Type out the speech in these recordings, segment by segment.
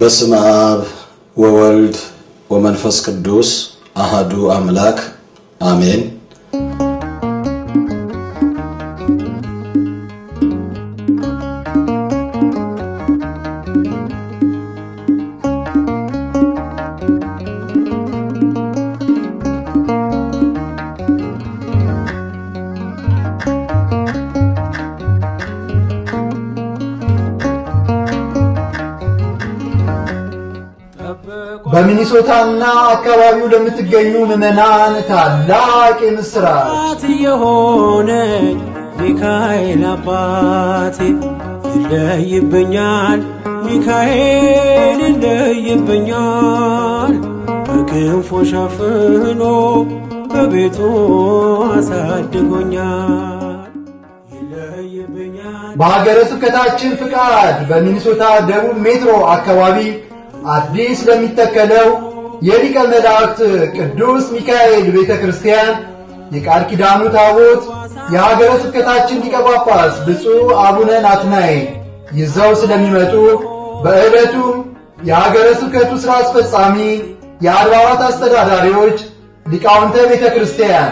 በስመ አብ ወወልድ ወመንፈስ ቅዱስ አሃዱ አምላክ አሜን። በሚኒሶታና አካባቢው ለምትገኙ ምዕመናን ታላቅ የምሥራት የሆነ ሚካኤል አባቴ ይለይብኛል፣ ሚካኤል ይለይብኛል፣ በክንፎ ሸፍኖ በቤቱ አሳድጎኛል። በሀገረ ስብከታችን ፍቃድ በሚኒሶታ ደቡብ ሜትሮ አካባቢ አዲስ ለሚተከለው የሊቀ መላእክት ቅዱስ ሚካኤል ቤተ ክርስቲያን የቃል ኪዳኑ ታቦት የሀገረ ስብከታችን ሊቀ ጳጳስ ብፁዕ አቡነ ናትናኤል ይዘው ስለሚመጡ በዕለቱም የሀገረ ስብከቱ ሥራ አስፈጻሚ፣ የአድባራት አስተዳዳሪዎች፣ ሊቃውንተ ቤተ ክርስቲያን፣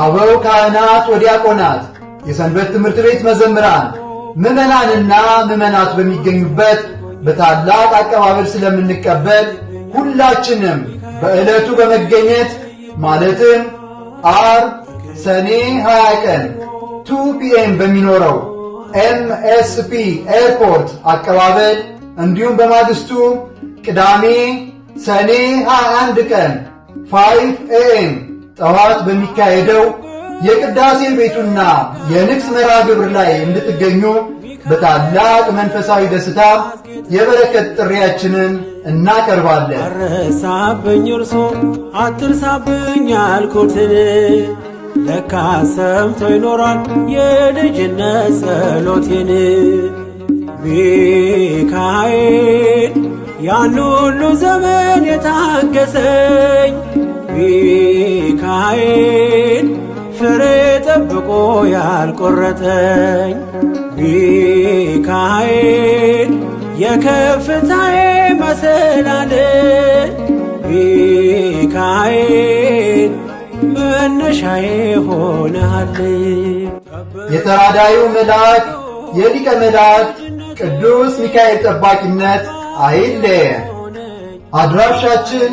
አበው ካህናት ወዲያቆናት፣ የሰንበት ትምህርት ቤት መዘምራን፣ ምዕመናንና ምዕመናት በሚገኙበት በታላቅ አቀባበል ስለምንቀበል ሁላችንም በዕለቱ በመገኘት ማለትም ዓርብ ሰኔ 20 ቀን ቱ ፒኤም በሚኖረው ኤምኤስፒ ኤርፖርት አቀባበል እንዲሁም በማግስቱ ቅዳሜ ሰኔ 21 ቀን 5 ኤኤም ጠዋት በሚካሄደው የቅዳሴ ቤቱና የንግስ መርሃ ግብር ላይ እንድትገኙ በታላቅ መንፈሳዊ ደስታ የበረከት ጥሪያችንን እናቀርባለን። አረሳብኝ እርሶ አትርሳብኝ አልኩት ለካ ሰምቶ ይኖራል የልጅነት ጸሎቴን። ሚካኤል ያን ሁሉ ዘመን የታገሰኝ ሚካኤል ጠብቆ ያልቆረጠኝ ሚካኤል የከፍታዬ መሰላል ሚካኤል መነሻዬ ሆነሃል። የተራዳዩ መልአክ የሊቀ መላእክት ቅዱስ ሚካኤል ጠባቂነት አይለየን። አድራሻችን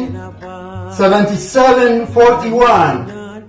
7741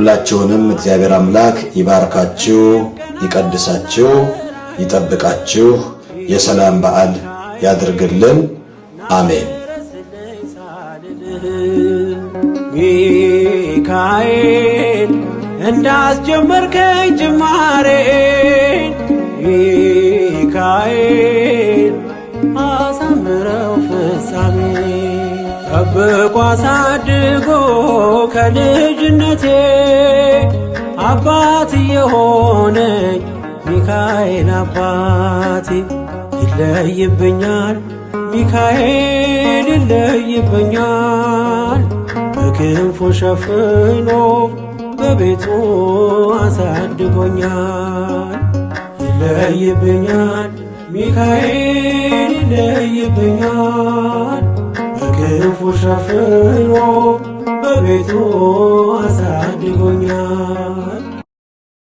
ሁላችሁንም እግዚአብሔር አምላክ ይባርካችሁ፣ ይቀድሳችሁ፣ ይጠብቃችሁ። የሰላም በዓል ያድርግልን። አሜን። ሚካኤል እንዳስጀመርከኝ ጅማሬ ሚካኤል አሳምረው ፍጻሜ ጠብቆ አሳድጎ ከልጅነቴ አባት የሆነኝ ሚካኤል አባቴ ይለይብኛል ሚካኤል ይለይብኛል በክንፉ ሸፍኖ በቤቱ አሳድጎኛል። ይለይብኛል ሚካኤል ይለይብኛል በክንፉ ሸፍኖ በቤቱ